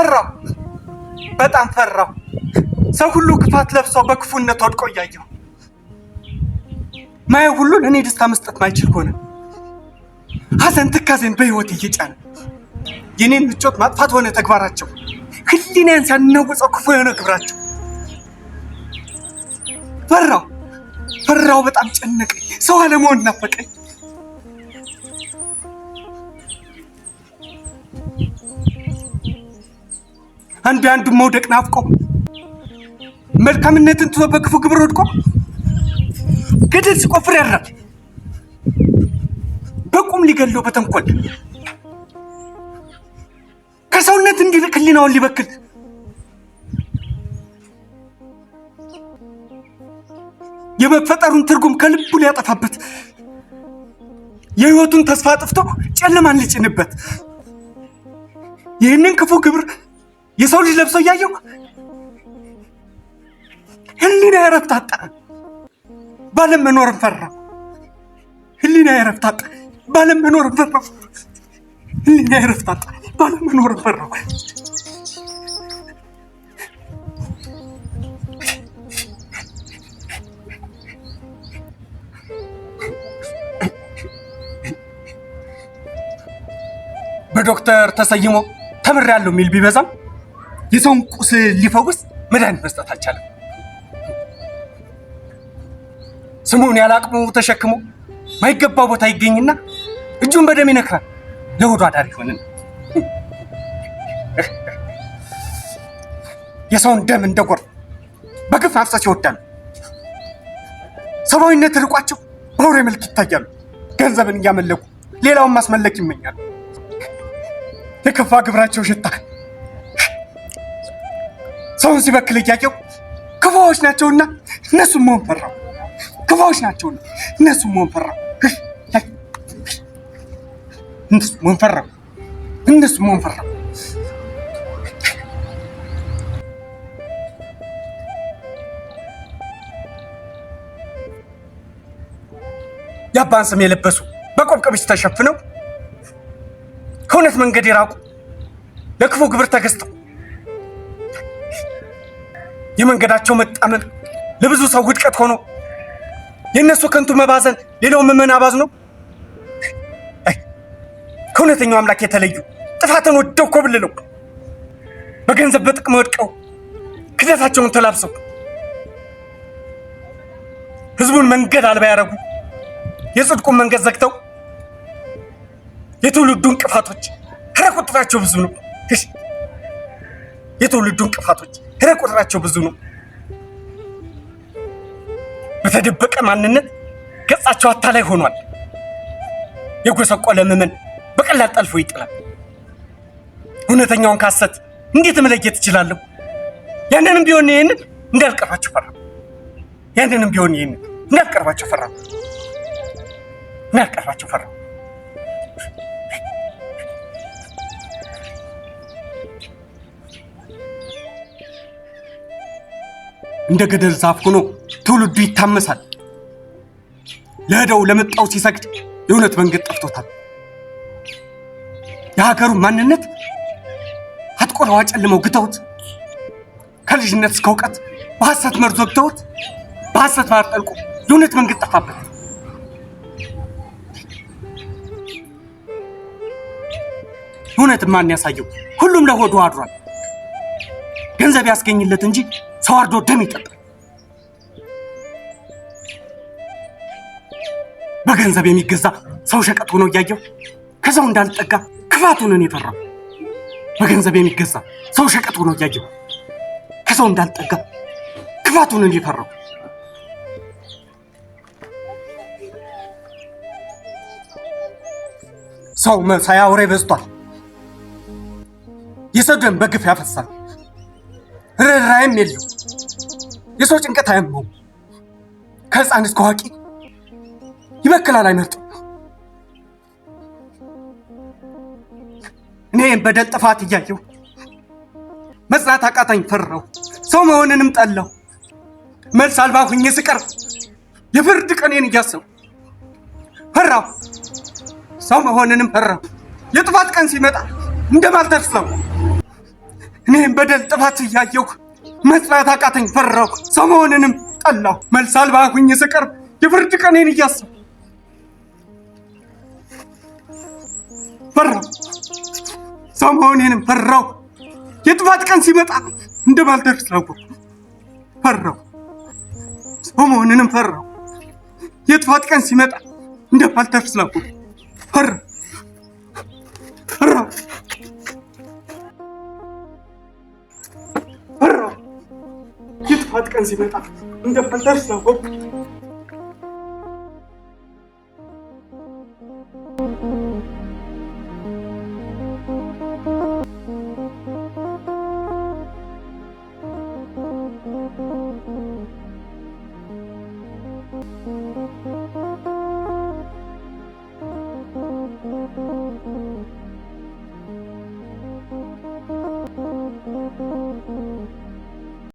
ፈራሁ፣ በጣም ፈራሁ። ሰው ሁሉ ክፋት ለብሶ በክፉነት ወድቆ እያየሁ ማየው ሁሉ ለእኔ ደስታ መስጠት ማይችል ሆነ። ሐዘን ትካዜን በህይወት እየጫነ የኔን ምቾት ማጥፋት ሆነ ተግባራቸው፣ ህሊናን ሲያናውጸው ክፉ የሆነ ግብራቸው። ፈራሁ ፈራው በጣም ጨነቀኝ። ሰው አለመሆን ናፈቀኝ። አንዱ የአንዱን መውደቅ ናፍቆ መልካምነትን ትቶ በክፉ ግብር ወድቆ ገደል ሲቆፍር ያድራል። በቁም ሊገለው በተንኮል ከሰውነት እንዲርቅ ህሊናውን ሊበክል የመፈጠሩን ትርጉም ከልቡ ሊያጠፋበት የህይወቱን ተስፋ አጥፍቶ ጨለማን ሊጭንበት ይህንን ክፉ ግብር የሰው ልጅ ለብሶ እያየው ህሊና የረፍት አጣ። ባለም መኖር ፈራ። ህሊና የረፍት ባለም መኖር ፈራ። ህሊና የረፍት ባለም መኖር ፈራ። በዶክተር ተሰይሞ ተምሬያለሁ የሚል ቢበዛም የሰውን ቁስል ሊፈውስ መድኃኒት መስጠት አልቻለም። ስሙን ያላቅሙ ተሸክሞ ማይገባ ቦታ ይገኝና እጁን በደም ይነክራል። ለሆዱ አዳር ይሆንን የሰውን ደም እንደ ጎር በግፍ ማፍሰስ ይወዳሉ። ሰብአዊነት ርቋቸው በአውሬ መልክ ይታያሉ። ገንዘብን እያመለኩ ሌላውን ማስመለክ ይመኛሉ። የከፋ ግብራቸው ሽታ ሰውን ሲበክል እያየው ክፉዎች ናቸውና እነሱ መሆን ፈራው። ክፉዎች ናቸው እነሱም መሆን ፈራው። እነሱ መሆን ፈራው። እነሱ መሆን ፈራው። የአባን ስም የለበሱ በቆብ ተሸፍነው ከእውነት መንገድ የራቁ ለክፉ ግብር ተገዝተው የመንገዳቸው መጣመም ለብዙ ሰው ውድቀት ሆኖ የእነሱ ከንቱ መባዘን ሌላው መመናባዝ ነው። ከእውነተኛው አምላክ የተለዩ ጥፋትን ወደው ኮብልለው በገንዘብ በጥቅም ወድቀው ክደታቸውን ተላብሰው ህዝቡን መንገድ አልባ ያደረጉ የጽድቁን መንገድ ዘግተው የትውልዱ እንቅፋቶች ኧረ ቁጥራቸው ብዙ ነው። የትውልዱ እንቅፋቶች ሄደ ቁጥራቸው ብዙ ነው። በተደበቀ ማንነት ገጻቸው አታላይ ሆኗል። የጎሰቆለ ምመን በቀላል ጠልፎ ይጥላል። እውነተኛውን ካሰት እንዴት መለየት እችላለሁ? ያንንም ቢሆን ይህንን እንዳልቀርባቸው ፈራ። ያንንም ቢሆን ይህንን እንዳልቀርባቸው ፈራ። እንዳልቀርባቸው ፈራ። እንደ ገደል ዛፍ ሆኖ ትውልዱ ይታመሳል። ለዕዳው ለመጣው ሲሰግድ የእውነት መንገድ ጠፍቶታል። የሀገሩ ማንነት አጥቆለዋ ጨልመው ግተውት ከልጅነት እስከ እውቀት በሐሰት መርዞ ግተውት በሐሰት ባህር ጠልቆ የእውነት መንገድ ጠፋበት። እውነት ማን ያሳየው? ሁሉም ለሆዱ አድሯል። ገንዘብ ያስገኝለት እንጂ ሰው ደም ይጠጣል። በገንዘብ የሚገዛ ሰው ሸቀጥ ሆኖ እያየው ከሰው እንዳልጠጋ ክፋቱን እኔ ፈራሁ። በገንዘብ የሚገዛ ሰው ሸቀጥ ሆኖ እያየው ከሰው እንዳልጠጋ ክፋቱን እኔ ፈራሁ። ሰው መሳያ ወሬ በዝቷል። የሰው ደም በግፍ ያፈሳል፣ ርኅራኄም የለው። የሰው ጭንቀት አያመውም። ከህፃን እስከ አዋቂ ይበክላል፣ አይመርጥም። እኔም በደል ጥፋት እያየሁ መጽናት አቃታኝ፣ ፈራሁ፣ ሰው መሆንንም ጠላሁ። መልስ አልባ ሁኜ ስቀር የፍርድ ቀኔን እያሰብኩ ፈራሁ፣ ሰው መሆንንም ፈራሁ። የጥፋት ቀን ሲመጣ እንደማልተርፍ እኔም በደል ጥፋት እያየሁ መጽናት አቃተኝ፣ ፈራሁ፣ ሰው መሆንንም ጠላሁ። መልስ አልባ ሁኜ ስቀርብ የፍርድ ቀኔን እያሰብኩ ፈራሁ፣ ሰው መሆኔንም ፈራሁ። የጥፋት ቀን ሲመጣ እንደማልደርስ ላወቅኩ ፈራሁ፣ ሰው መሆንንም ፈራሁ። የጥፋት ቀን ሲመጣ እንደማልደርስ ላወቅኩ ፈራሁ፣ ፈራሁ የጥፋት ቀን ሲመጣ እንደ ፈንታሽ ነው።